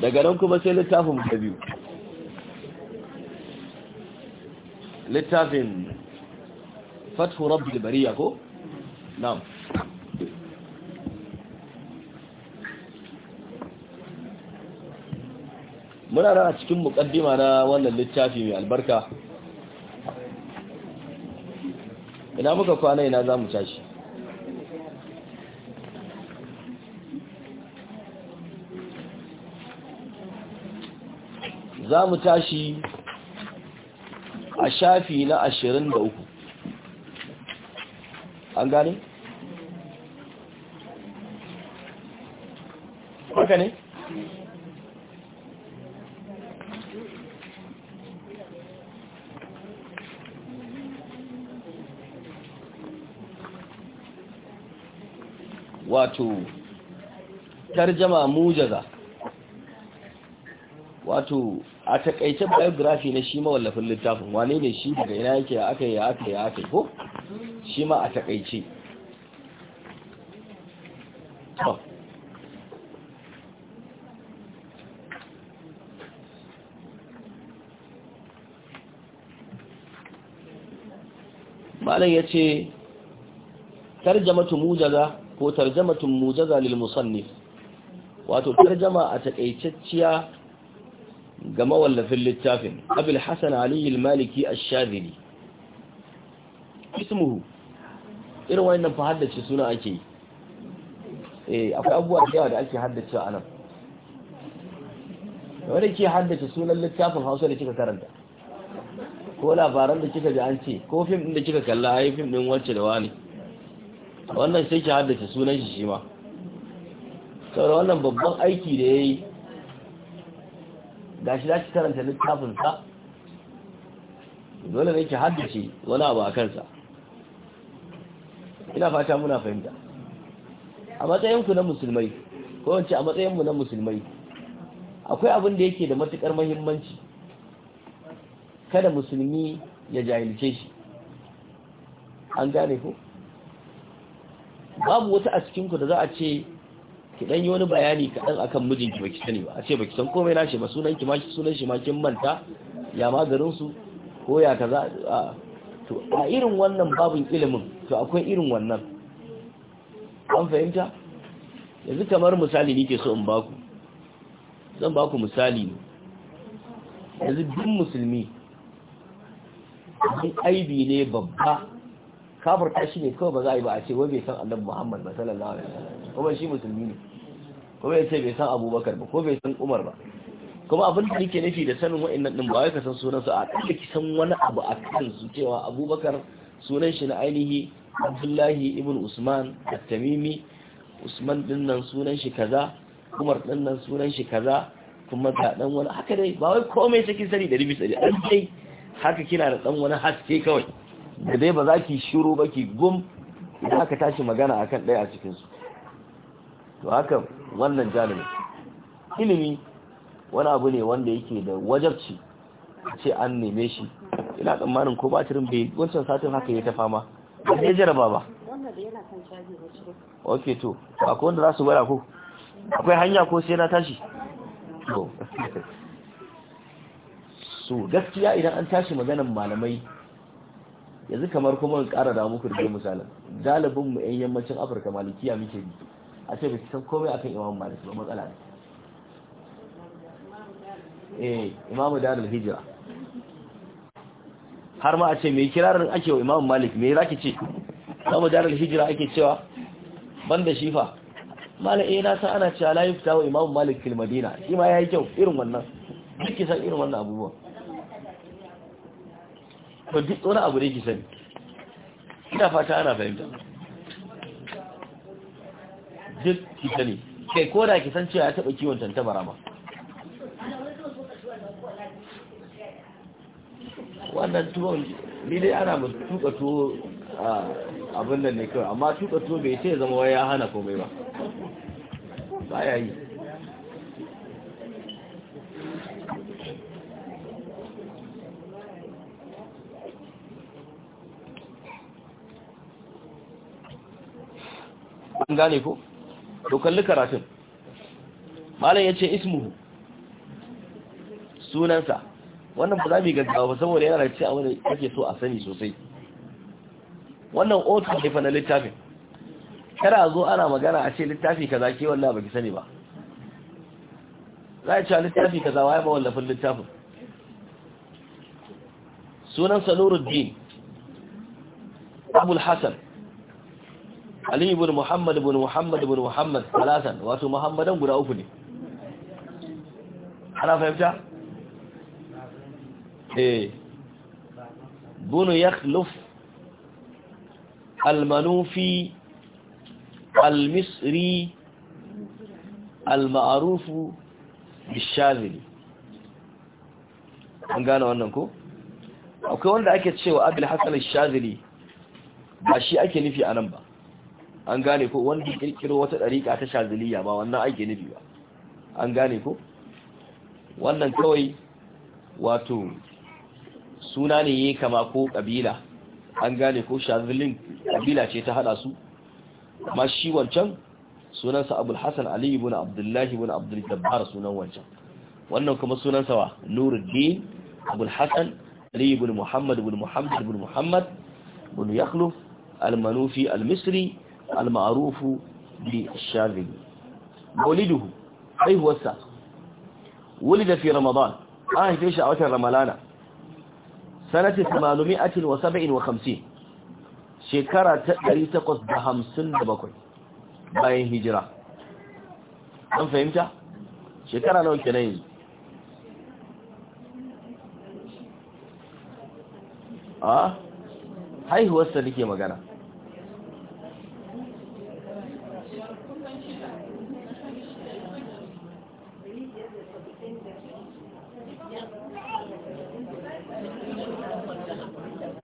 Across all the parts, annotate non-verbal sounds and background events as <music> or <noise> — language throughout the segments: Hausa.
daga nan kuma sai littafin ta biyu littafin fathu rabbi bariya ko? na'am muna rana cikin mukaddima na wannan littafi mai albarka ina muka kwana ina za mu tashi za mu tashi a shafi na ashirin da uku an gane? haka ne? wato tarjama mujaza wato a takaice biography na shi mawallafin littafin wane ne shi daga ina yake aka yi aka yi aka yi ko shi ma a takaice malam ya ce tarjamatu mujaza ko tarjamatun mujaza lil musannif wato tarjama a takaitacciya ga mawallafin littafin abul Hassan, aliyu maliki ash-shadhili ismuhu irin wannan fa haddace suna ake yi eh, akwai abubuwa da yawa da ake haddace a nan wanda ke haddace sunan littafin Hausa da kika karanta ko labaran da kika ji an ce ko fim din da kika kalla ai fim din wacce da wani wannan sai ki haddace sunan shi shi ma saboda wannan babban aiki da ya yi. gashi za ki karanta littafinsa dole ne ki haddace wani abu a kansa ina fata muna fahimta a matsayinku na musulmai ko wance a matsayinmu na musulmai akwai abin da yake da matukar mahimmanci kada musulmi ya jahilce shi an gane ku babu wata a cikinku da za a ce ki dan yi wani bayani kaɗan akan mijinki baki sani ba a ce baki san komai nashi ba sunan ki ma sunan shi ma kin manta ya garin su ko ya kaza a to a irin wannan babin ilimin to akwai irin wannan an fahimta yanzu kamar misali nike so in baku zan baku misali ne yanzu duk musulmi abin aibi ne babba ta shi ne kawai ba za a yi ba a ce wai bai san annabi muhammad ba sallallahu alaihi wasallam kuma shi musulmi ne kuma ya ce bai san abubakar ba ko bai san umar ba kuma abin da nake nufi da sanin wa'annan din ba wai ka san sunan su a kalla ki san wani abu a kan su cewa abubakar sunan shi na ainihi abdullahi ibn usman at-tamimi usman din nan sunan shi kaza umar din nan sunan shi kaza kuma ga dan wani haka dai ba wai komai sai ki sani da ribi sai dai haka kina da dan wani haske kawai da dai ba za ki shiru ba ki gum idan aka tashi magana akan ɗaya a cikinsu to haka wannan janin ilimi wani abu ne wanda yake da wajabci a ce an neme shi ina tsammanin ko ba cirin bai wancan satin haka ya ta fama ba ya jaraba ba ok to akwai wanda za su gwada ko akwai hanya ko sai na tashi <laughs> so gaskiya idan an tashi maganan malamai yanzu kamar kuma in ƙara da muku da misalin galibin mu 'yan yammacin afirka malikiya muke bi a ce bai san komai akan imam malik ba matsala ne eh imam darul hijira har ma a ce mai kirarin ake wa imam malik me zaki ce imam darul hijira ake cewa banda shi fa mala eh na san ana cewa la yufta wa imam malik fil madina shi ma yayi kyau irin wannan duk san irin wannan abubuwan ba duk wani abu ne ki sani ina fata ana fahimta duk ki kai ko da ki san cewa ya taba kiwon tantabara ma wannan tuwon nile dai ana ba tuka tuwo abin da ne kawai amma tuka tuwo bai ce zama wai ya hana komai ba ba ya yi gane ko to kalli karatun malam ya ce ismuhu sunansa wannan ba za mu gaggawa ba saboda yana da ci abin da kake so a sani sosai wannan otu ne fa na littafin kada zo ana magana a ce littafi kaza ke wallahi ki sani ba za a ce littafi kaza ya ba wallafin littafin sunan sanuruddin abul hasan Ali ibn Muhammad ibn Muhammad ibn Muhammad salasan wato Muhammadan guda uku ne ana fahimta eh bunu yakhluf al-manufi al-misri al-ma'ruf an gane wannan ko akwai wanda ake cewa abul hasan al ba shi ake nufi anan ba an gane ko wanda kirkiro wata dariƙa ta shaziliya ba wannan aiki ne ba an gane ko wannan kawai wato suna ne yayi kama ko kabila an gane ko shazilin kabila ce ta hada su amma shi wancan sunansa abul Hassan Ali ibn abdullahi ibn Abdul Jabbar sunan wancan wannan kuma sunansa wa Nuruddin abul Hassan Ali ibn Muhammad ibn Muhammad ibn Muhammad ibn Yakhluf al-Manufi al-Misri al-ma'rufu bi shadhili mauliduhu haihuwarsa wulida fi ramadan an haife shi a watan ramalana sanata 857 shekara ta 857 bayan hijira an fahimta shekara nawa kenan yanzu a haihuwarsa nake magana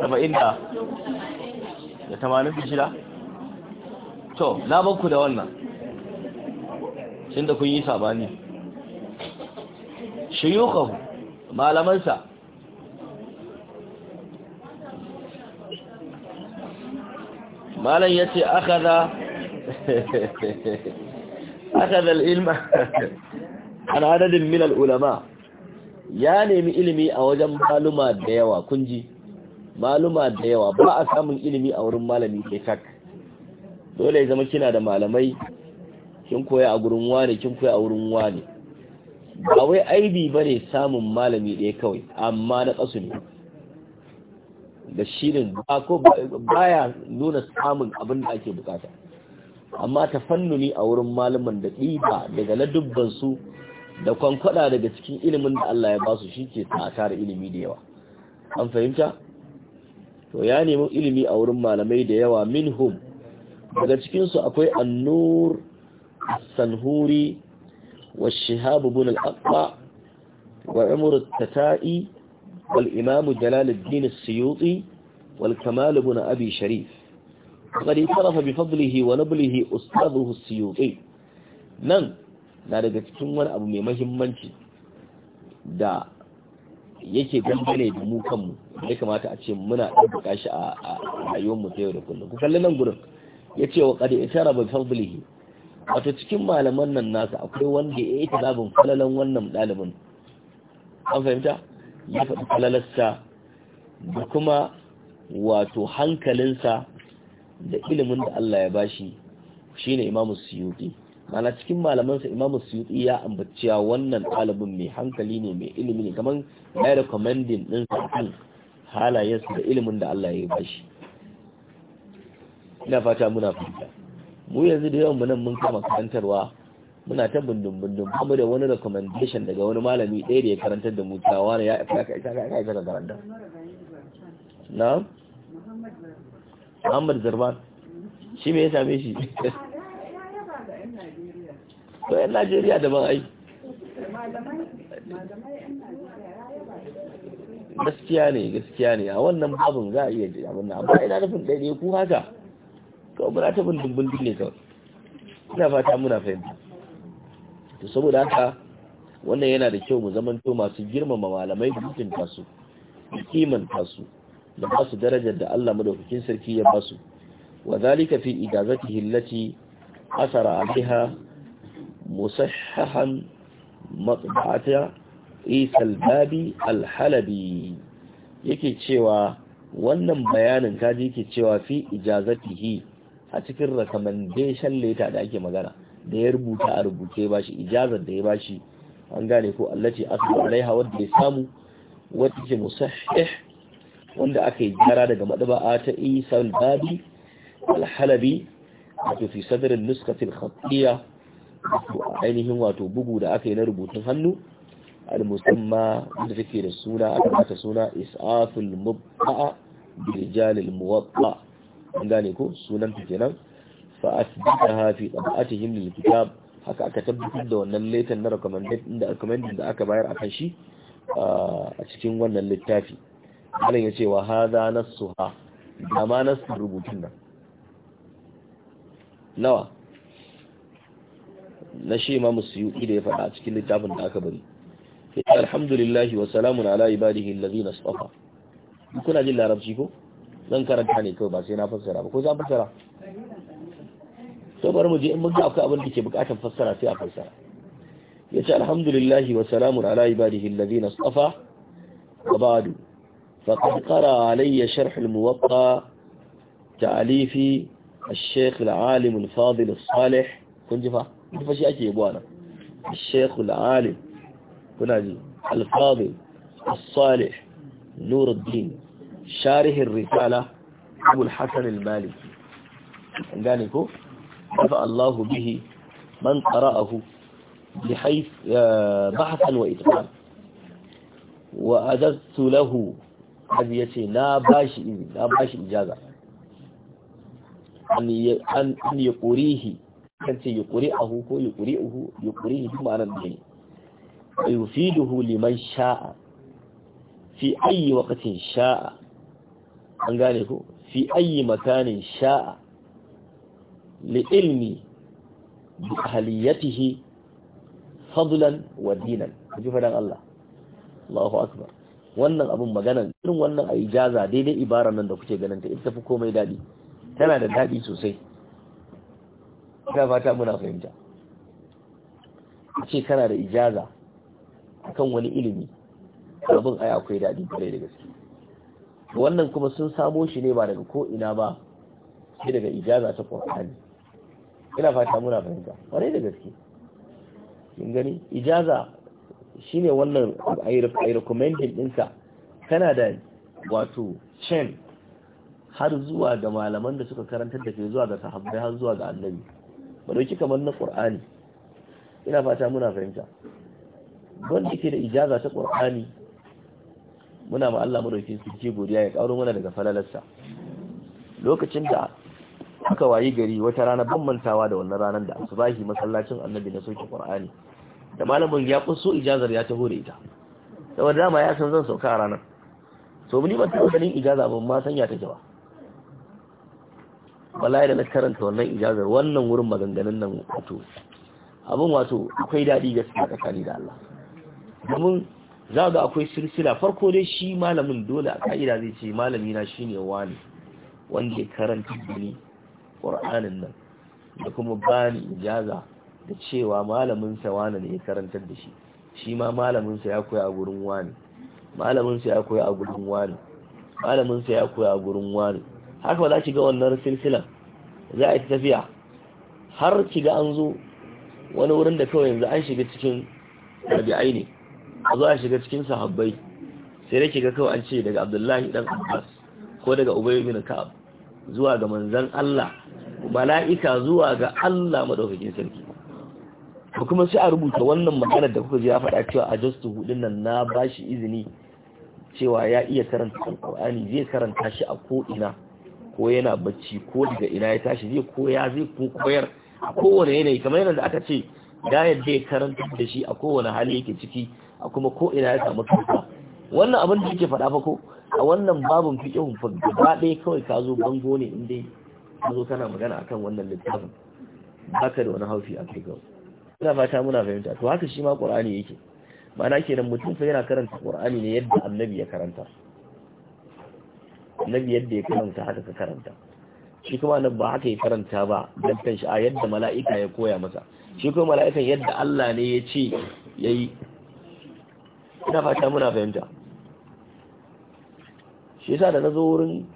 saba'in da da tamanin da to na banku da wannan tunda kun yi sabani shiyukahu malamansa malan ya ce aka za aka da ilma an adadin minal ulama ya nemi ilimi a wajen maluma da yawa kunji maluma da yawa ba a samun ilimi a wurin malami ke kak dole ya zama kina da malamai kin koya a gurin wane kin koya a wurin wane ba wai aibi bane samun malami ɗaya kawai amma na ƙasu ne da shirin ba ko baya nuna samun abin da ake bukata amma ta fannuni a wurin malaman da ɗiba daga na su da kwankwada daga cikin ilimin da Allah ya ba su shi ke ta a tara ilimi da yawa an fahimta to ya nemi ilimi a wurin malamai da yawa minhum daga cikinsu akwai annur sanhuri wa shihabu bin wa tata'i wal imamu jalaluddin as-suyuti wal Abisharif, bin abi sharif qad itarafa bi fadlihi wa nablihi nan na daga cikin wani abu mai mahimmanci. da yake dangane da mu kanmu ya kamata a ce muna ɗaukaka shi a rayuwarmu ta yau da kullum ku kalli nan gurin ya ce wa ƙadi itara bai fadlihi wato cikin malaman nan nasa akwai wanda ya yi ta talabin falalan wannan ɗalibin an fahimta ya faɗi falalarsa da kuma wato hankalinsa da ilimin da Allah ya bashi shine imamu suyuti mana cikin malamansa imamu suyuti ya ambaciya wannan ɗalibin mai hankali ne mai ilimi ne kamar ya yi recommending ɗin kan halayensu da ilimin da Allah ya yi bashi ina fata muna fita mu yanzu da yawan munan mun kama karantarwa muna ta bindin bindin kuma da wani recommendation daga wani malami ɗaya da ya karantar da mu cewa wani ya aika da karanta na Muhammad Zarban shi me ya same shi to yan najeriya ban aiki. gaskiya ne gaskiya ne a wannan babin za a iya ji abin wannan. amma ina nufin ɗaya ku haka kawai muna ta bin dubbin ne kawai ina fata muna fahimta to saboda haka wannan yana da kyau mu zaman to masu girmama malamai da mutum tasu da kiman tasu da ba su darajar da Allah madaukakin sarki ya ba su wa zalika fi idazatihi allati asara alaiha مصححا مطبعة عيسى alhalabi الحلبي yake cewa wannan bayanin kaji yake cewa fi ijazatihi a cikin recommendation letter da ake magana da ya rubuta a rubuce ba shi ijazar da ya ba shi an gane ko allaci asibir alaiha wadda ya samu wadda ke musahih wanda aka yi gyara daga madaba'a ta isa al-babi al-halabi wato fi khatiyya ainihin wato bugu da aka yi na rubutun hannu al-musamma da take da suna aka bata suna isaful mubta'a birjalil muwatta an gane ko sunan ta kenan fa asbataha fi tabatihim lil kitab haka aka tabbatar da wannan letter na recommended da recommended da aka bayar akan shi a cikin wannan littafi ya ce wa hadha nasuha amma rubutun nan nawa na shi ma musu yi da ya faɗa a cikin littafin da aka bari alhamdulillahi wa salamun ala ibadihi alladhina istafa kuna jin larabci ko zan karanta ne kawai ba sai na fassara ba ko za fassara to bari mu je in mun ga akwai abin da ke bukatar fassara sai a fassara yace alhamdulillahi wa salamun ala ibadihi na istafa wa ba'du faqad qara alayya sharh muwaƙa muwatta ta'lifi الشيخ العالم الفاضل الصالح كنت فاهم فشي أجي يبوانا الشيخ العالم كنادي الفاضل الصالح نور الدين شاره الرسالة أبو الحسن المالكي عندانيكو رفع الله به من قرأه بحيث بحثا وإتقال وأدست له لا هذه يسي ناباش ناباش إجازة أن يقريه kan ce yuquri ahu ko yuquri uhu yuquri duk nan da ne yufiduhu liman sha'a fi ayi waqtin sha'a an gane ku fi ayi makanin sha'a li ilmi bi ahliyatihi fadlan wa dinan ji fadan Allah Allahu akbar wannan abun maganan irin wannan a ijaza daidai ibara nan da kuke ganin ta ita fi komai daɗi. tana da daɗi sosai ga fata muna fahimta ce kana da ijaza akan wani ilimi abin ai akwai daɗi kwarai da gaske wannan kuma sun samo shi ne ba daga ko'ina ba sai daga ijaza ta Qur'ani ina fata muna fahimta kwarai da gaske kin gani ijaza shi ne wannan ai recommending ɗinka kana da wato chain har zuwa ga malaman da suka karantar da ke zuwa ga sahabbai har zuwa ga annabi ba dauki kamar na qur'ani ina fata muna fahimta wanda yake da ijaza ta qur'ani muna ma Allah madaukin suke godiya ya karo mana daga falalarsa lokacin da aka wayi gari wata rana ban mantawa da wannan ranar da asubahi masallacin annabi na soke qur'ani da malamin ya kuso ijazar ya taho da ita saboda dama ya san zan sauka a ranar to ni ban taɓa ganin ijaza ban ma sanya take ba wallahi da na karanta wannan ijazar wannan wurin maganganun nan wato abin wato akwai daɗi gaskiya tsakani da Allah domin za ga akwai silsila farko dai shi malamin dole a ka'ida zai ce malami na shine wani wanda ya karanta ni ƙur'anin nan da kuma bani ijaza da cewa malamin sa wani ne ya karantar da shi shi ma malamin sa ya koya a gurin wani malamin sa ya koya a gurin wani malamin sa ya koya a gurin wani haka za ki ga wannan silsilan za a yi tafiya har ki ga an zo wani wurin da kawai yanzu an shiga cikin rabi'ai ne a zo a shiga cikin sahabbai sai da ga kawai an ce daga abdullahi dan abbas ko daga ubai bin ka'ab zuwa ga Manzan Allah mala'ika zuwa ga Allah madaukakin sarki ko kuma sai a rubuta wannan magana da kuka ji ya faɗa cewa a just hudun nan na bashi izini cewa ya iya karanta alqur'ani zai karanta shi a ko'ina. ko yana bacci ko daga ina ya tashi zai koya zai ko koyar a kowane yanayi kamar yadda aka ce ya yadda ya karanta da shi a kowane hali yake ciki a kuma ko ina ya samu kanta wannan abin da yake faɗa fa ko a wannan babin fiqhun fa gaba ɗaya kawai ka zo bango ne in dai ka zo kana magana akan wannan littafin baka da wani haufi a kai kawai ina fata muna fahimta to haka shi ma ƙur'ani yake ma'ana kenan mutum fa yana karanta ƙur'ani ne yadda annabi ya karanta annabi yadda ya karanta haka ka karanta shi kuma annabi ba haka ya karanta ba dan kanshi a yadda mala'ika ya koya masa shi kuma mala'ikan yadda Allah ne ya ce yayi ina fata muna fahimta shi yasa da nazo wurin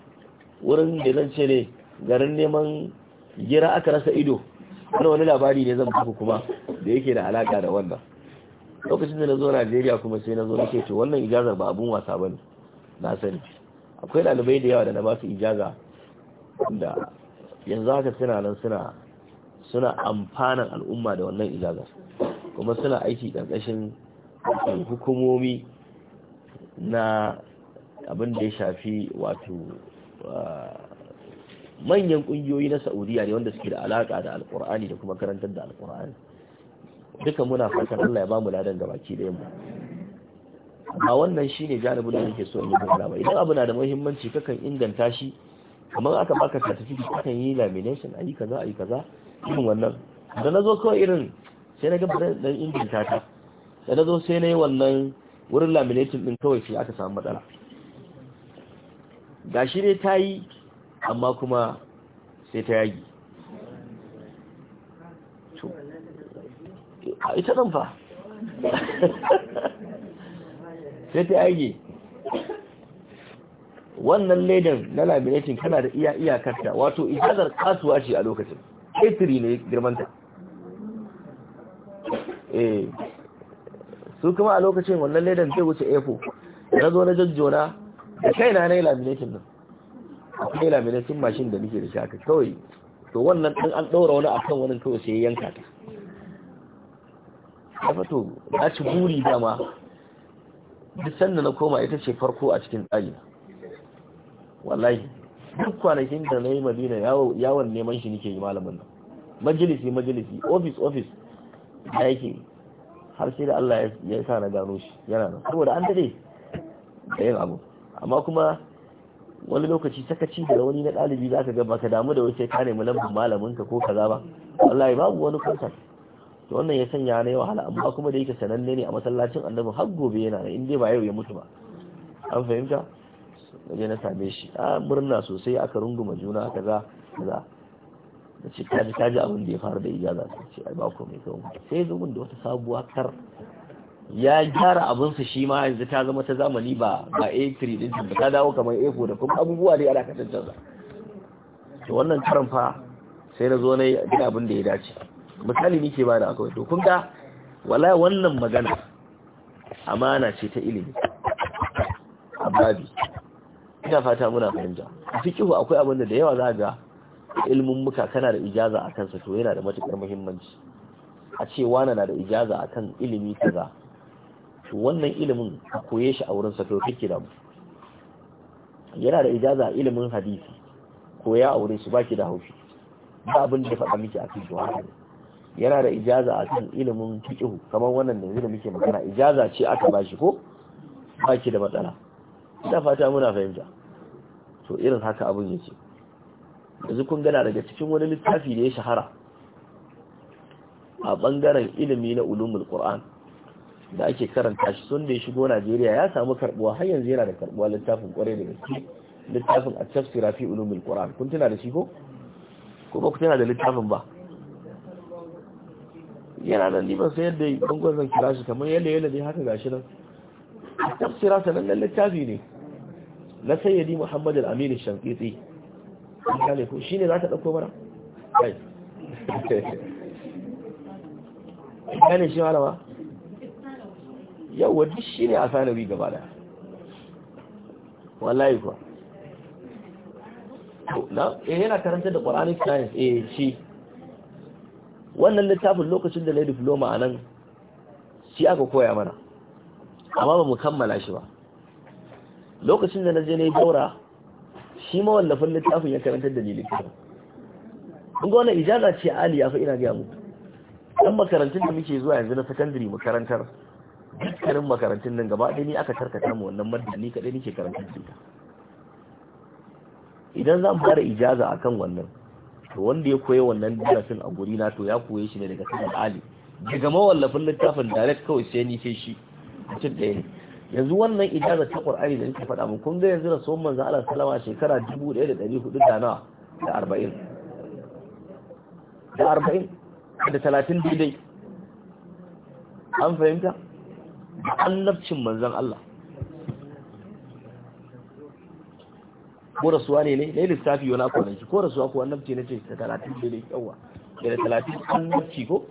wurin da zan ce ne garin neman gira aka rasa ido wani wani labari ne zan baku kuma da yake da alaka da wannan lokacin da na zo Najeriya kuma sai na zo nake to wannan ijazar ba abun wasa bane na sani akwai ɗalibai da yawa da na ba su ijaza da yanzu haka suna nan suna suna amfanan al'umma da wannan ijazar kuma suna aiki ƙarƙashin hukumomi na abin da ya shafi wato ah, manyan ƙungiyoyi na saudiya ne wanda suke da alaƙa da alƙur'ani da kuma karantar da alƙur'ani duka muna fatan allah ya ba mu ladan gabaki da yamma A wannan shi ne janibin da nake so in yi ba idan abu na da muhimmanci kakan inganta shi kamar aka baka certificate kakan yi lamination ayi kaza ayi kaza irin wannan da na zo kawai irin sai na gaba da inganta ta da na zo sai na yi wannan wurin lamination din kawai sai aka samu matsala Ga shi ne ta yi amma kuma sai ta yagi ita nan fa <laughs> sai ta yage wannan ledan na laminating kana da iya iyakarta wato ijazar kasuwa ce a lokacin A a3 ne girmanta eh su kuma a lokacin wannan ledan zai wuce A a4 na zo na jajjona da kaina na yi laminating nan kai laminating mashin da nake da shi aka kawai to wannan ɗan an ɗaura wani akan wani kawai sai yanka ta ya fato na ci buri dama duk sanda na koma ita ce farko a cikin tsari wallahi duk kwanakin da na yi madina yawon neman shi nike yi malamin nan majalisi majalisi ofis ofis da yake har sai da Allah ya sa na gano shi yana nan saboda an dade da yin abu amma kuma wani lokaci sakaci da wani na ɗalibi za ka ga ba ka damu da wace ka nemi lambar malamin ka ko ka ba wallahi babu wani kwantar to wannan ya sanya na wahala amma kuma da yake sananne ne a masallacin annabin har gobe yana da inda ba yau ya mutu ba an fahimta je na same shi a murna sosai aka runguma juna kaza kaza da ce kaji kaji abin da ya faru da ijaza ta ce ai ba mai kawo sai zo da wata sabuwa kar ya gyara abinsa shi ma yanzu ta zama ta zamani ba ba A3 din ba ta dawo kamar A4 da kuma abubuwa dai ana katantar to wannan karan fa sai na zo na yi abin da ya dace misali ke ba da akwai to kun ga wala wannan magana amana ce ta ilimi a babi ina fata muna fahimta a fikihu akwai abinda da yawa za ga ilimin muka kana da ijaza a kansa to yana da matukar muhimmanci a ce wana na da ijaza a kan ilimi za to wannan ilimin a koye shi a wurin sa kake da mu yana da ijaza a ilimin hadisi koya a wurin su baki da haushi ba abin da ya faɗa miki a cikin haka yana da ijaza a kan ilimin fiqhu kamar wannan da yanzu muke magana ijaza ce aka bashi ko baki da matsala ina fata muna fahimta to irin haka abun yake yanzu kun gana daga cikin wani littafi da ya shahara a bangaren ilimi na ulumul qur'an da ake karanta shi sun da ya shigo Najeriya ya samu karbuwa har yanzu yana da karbuwa littafin kware da gaske littafin at-tafsira fi ulumul qur'an kun tuna da shi ko Kuma ku tuna da littafin ba yana da liman sai yadda yi bangon zan kira shi kamar yadda yadda dai haka gashi nan a tafsira sanannen littafi ne na sayyadi muhammad al kane ku shi ne za ta ɗauko mara? ya ne shi malama? Yau wadda shi ne a sanarwi gaba da wallahi kuwa na eh, yana karanta da ƙwararri science eh shi wannan littafin lokacin da na yi diploma a nan shi aka koya mana amma ba mu kammala shi ba lokacin da na je na yi daura shi mawallafin littafin ya karantar da littafin in ga wani ijaza ce ya fi ina gaya mu. dan makarantun da muke zuwa yanzu na secondary makarantar dukkanin makarantun nan gaba ɗaya aka tarkata mu wannan madda ni kaɗai nake karanta idan za idan fara ijaza akan wannan to wanda ya koya wannan darasin a guri na to ya koye shi ne daga sanar ali daga mawallafin littafin direct kawai sai ni sai shi mutum ɗaya ne yanzu wannan ijazar ta qur'ani da nake faɗa mu kun ga yanzu rasulun manzo Allah sallama shekara 1400 da nawa da 40 da 40 da 30 dai. an fahimta da annabcin manzon Allah ko rasuwa ne ne ne lissafi wani kwanaki ko rasuwa ko annabci na ce da talatin da ne yawa da talatin annabci ko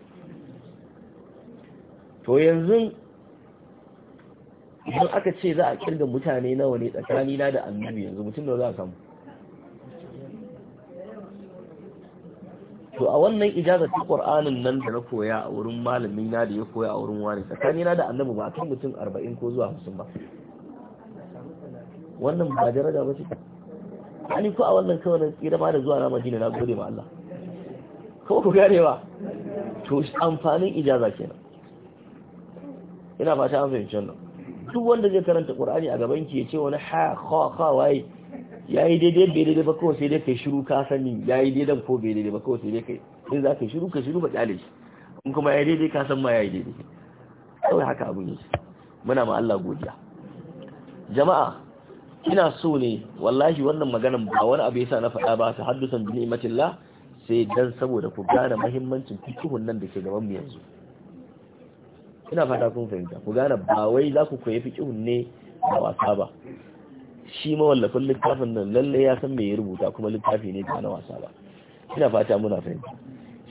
to yanzu idan aka ce za a kirga mutane nawa ne tsakani na da annabi yanzu mutum da za a samu to a wannan ijazar ta qur'anin nan da na koya a wurin malamin na da ya koya a wurin wani tsakani na da annabi ba kan mutum 40 ko zuwa 50 ba wannan ba daraja ba ce Ani ko a wannan kawai na tsira ma da zuwa na madina na gode ma Allah ko ku gane ba to amfanin ijaza kenan ina fata an fahimci wannan duk wanda zai karanta qur'ani a gaban ki yace wani ha kha kha wai yayi daidai bai daidai ba ko sai dai kai shiru ka sani yayi daidai ko bai daidai ba ko sai dai kai sai za ka shiru ka shiru ba kyale shi in kuma yayi daidai ka san ma yayi daidai kawai haka abun ne muna ma Allah godiya jama'a ina so ne wallahi wannan maganan ba wani abu yasa na faɗa ba ta haddusan bi ni'matillah sai dan saboda ku gane muhimmancin fikihun nan da ke gaban mu yanzu ina fata kun fahimta ku gane ba wai za ku koyi fikihun ne ba wasa ba shi mawallafin littafin nan lalle ya san me ya rubuta kuma littafi ne ba na wasa ba ina fata muna fahimta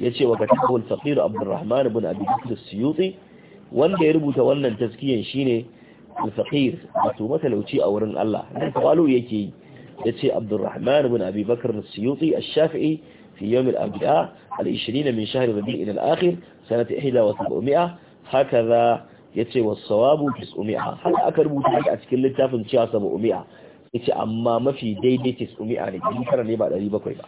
yace wa katabu al Abdurrahman ibn Abi Bakr suyuti wanda ya rubuta wannan taskiyan shine al wato matalauci a wurin Allah dan tawalu yake yi yace Abdurrahman ibn Abi Bakr as-Suyuti ash-Shafi'i fi yawm al-Arba'a al-20 min shahr Rabi' al-akhir sanat 1700 hakaza yace was-sawabu 900 har aka rubuta a cikin littafin cewa 700 yace amma mafi daidai 900 ne ne ba 700 ba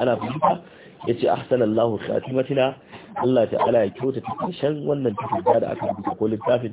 ana fahimta ya ce ahsanallahu khatimatina Allah ta'ala ya kyauta ta karshen wannan tafiya da aka rubuta ko littafin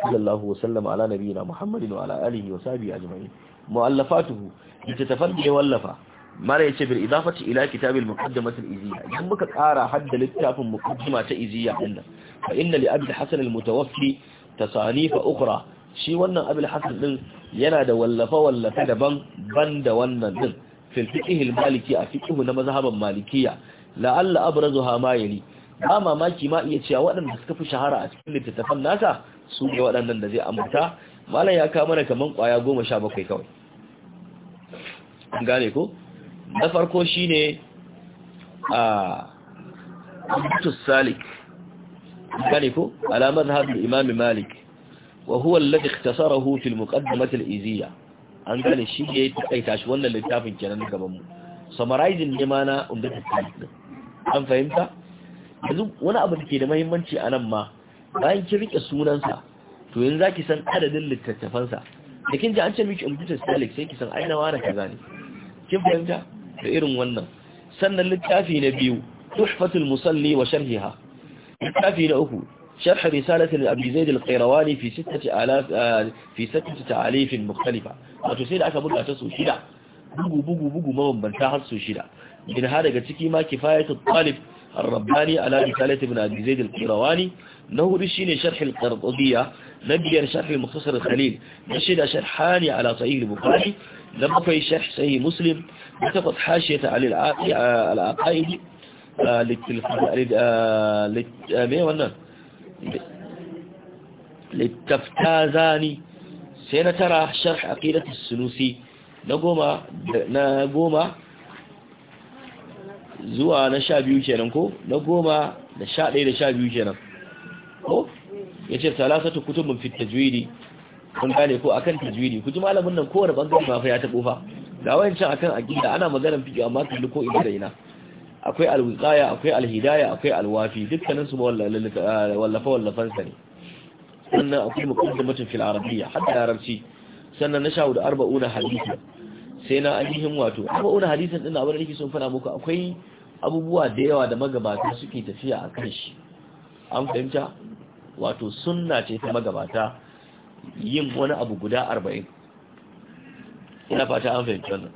sallallahu sallama ala nabiyina muhammadin wa ala alihi wa sahbihi ajma'in mu'allafatuhu littattafan da ya wallafa mara yace bil idafati ila kitabil muqaddimati al iziya idan muka kara hadda littafin muqaddima ta iziya inda fa inna li abd hasan al mutawaffi tasanifa ukhra shi wannan abul hasan din yana da wallafa wallafa daban banda wannan din fil fiqh maliki a fiqh na mazhaban malikiya la'alla abrazuha ma ya yali ba mamaki ma iya cewa waɗanda suka fi shahara a cikin littattafan nasa su ne waɗannan da zai ambata malam ya kawo mana kaman ƙwaya goma sha bakwai kawai an farko shine a abdus salik gane ko alamar hadin imam malik wa huwa alladhi ikhtasarahu fil muqaddimatil iziyah an gane shi ne ya taƙaita shi wannan littafin kenan na gabanmu summarizing ne ma na umdata tarihi an fahimta yanzu wani abu da ke da mahimmanci a nan ma bayan kin rike sunansa to yanzu zaki san adadin littattafansa da kin ji an ce miki umdata tarihi sai ki san aina na kaza ne kin fahimta da irin wannan sannan littafi na biyu tuhfatul musalli wa sharhiha littafi na uku شرح رسالة الأبي زيد القيرواني في ستة آلاف آه في ستة تعاليف مختلفة وتسير أكا بلع تسو شدع بقو بقو بقو مهم بنتاحر سو شدع من هذا قتكي ما كفاية الطالب الرباني على رسالة ابن أبي زيد القيرواني نهو رشيني شرح القرطبية نبيا شرح المختصر الخليل نشد شرحاني على صحيح البخاري لما في شرح صحيح مسلم نتفت حاشية على العقائد للتلفزيون littaftazani sai na tara sharh aqidatu sunusi na goma na goma zuwa na sha biyu kenan ko na goma da sha ɗaya da sha biyu kenan ko ya ce salasatu kutubun fit tajwidi kun gane ko akan tajwidi kuji malamin nan kowane bangare ma fa ya taɓo fa da wayancan akan aqida ana maganar fiqh amma kullu ko ina da ina akwai alwiqaya akwai alhidaya akwai alwafi dukkanin su eh, wallafa wallafan sa ne sannan akwai muqaddamatun fil arabiyya hadda larabci sannan na shahu da arba'una hadisi sai na ajihin wato arba'una hadisin din abin da nake son fara muku akwai abubuwa da yawa da magabata suke tafiya a kan shi an fahimta wato sunna ce ta magabata yin wani abu guda arba'in ina fata an fahimci wannan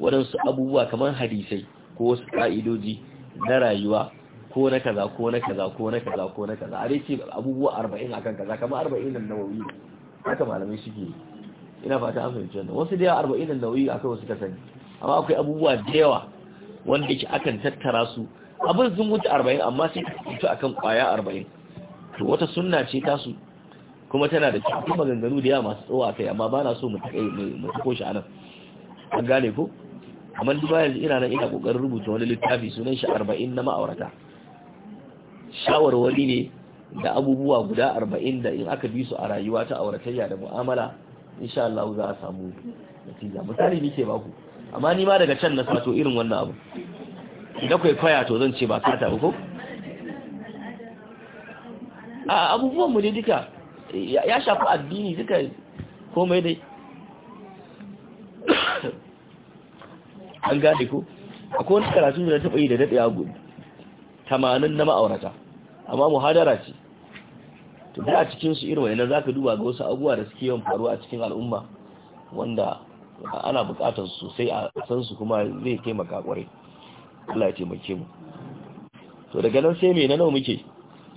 waɗansu abubuwa kamar hadisai ko wasu ka'idoji na rayuwa ko na kaza ko na kaza ko na kaza ko na kaza a dai ce abubuwa arba'in akan kaza kamar arba'in nan nawawi haka malamai suke ina fata an fahimci wannan wasu da yawa arba'in nan a kan wasu ka sani amma akwai abubuwa da yawa wanda ke akan tattara su abin sun wuce arba'in amma sai ka fito akan kwaya arba'in to wata sunna ce tasu kuma tana da cikin maganganu da yawa masu tsawo a kai amma ba na so mu kai mu koshi a anan an gane ko amma duk bayan ina nan ina kokarin rubuta wani littafi sunan shi arba'in na ma'aurata shawarwari ne da abubuwa guda arba'in da in aka bi su a rayuwa ta auratayya da mu'amala insha Allah za a samu natija misali nake baku amma ni ma daga can na sato irin wannan abu da kwaikwaya to zan ce ba kata ba ko a abubuwan mu ne duka ya shafi addini duka komai dai an gane ko akwai wani karatu da taɓa yi da daɗe gudu. tamanin na ma'aurata amma muhadara ce to da a cikin su irin wani za ka duba ga wasu abubuwa da suke yawan faruwa a cikin al'umma wanda ana buƙatar su sosai a san su kuma zai taimaka kwarai Allah ya taimake mu to daga nan sai me na nawa muke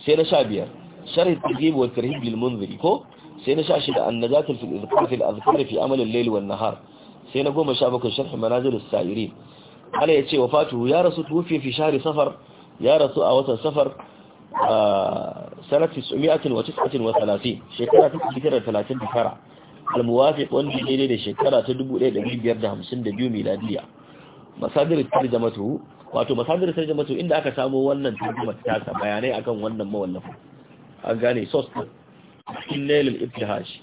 sai na sha biyar sharhi tajib wa tarhib lil munziri ko sai na sha shida annazatul fil azkar fil azkar fi amal al-layl wan nahar sai na goma sha bakwai sharhi manazilus sa'irin ala ya ce wafatu ya rasu tufi fi shahri safar ya rasu a watan safar a sanati 1939 shekara ta da talatin 1939 almuwafiq wanda daidai da shekara ta 1552 miladiya masadir tarjamatu wato masadir tarjamatu inda aka samu wannan tarjuma ta bayanai akan wannan mawallafa an gane source din lailul ibtihash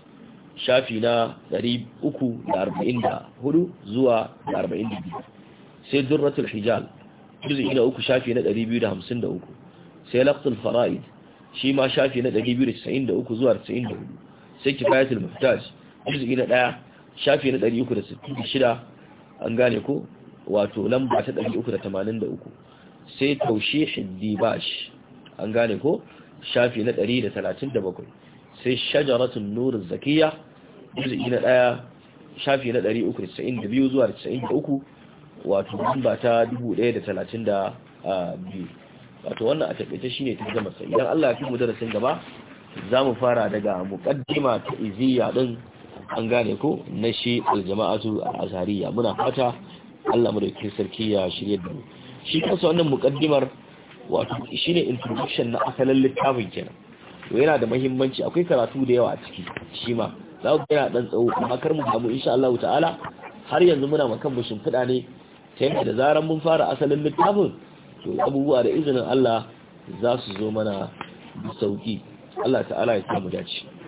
shafi na 344 zuwa 42 sai durratul hijal juz'i na uku shafi na 253 sai laqtul fara'id shi ma shafi na 293 zuwa 94 sai kifayatul muhtaj juz'i na 1 shafi na 366 an gane ko wato lamba ta 383 sai tawshihid dibash an gane ko shafi na 137 sai shajaratun nurin zakiya juz'i na ɗaya shafi na 392 zuwa 93 wato lamba ta 1132 wato wannan a ne shine tarjamarsa idan Allah ya fi mu darasin gaba za mu fara daga mukaddima ta iziya din an gane ko na shi aljama'atu a azariya muna fata Allah madaukakin sarki ya shirye da mu shi kansa wannan muƙaddimar wato shi ne introduction na asalin littafin kenan to yana da mahimmanci akwai karatu da yawa a ciki shi ma za ku yana dan tsawo amma kar mu damu insha Allah ta'ala har yanzu muna makan mu shimfiɗa ne ta yadda da zaran mun fara asalin littafin to abubuwa da izinin Allah za su zo mana da sauki Allah ta'ala ya samu dace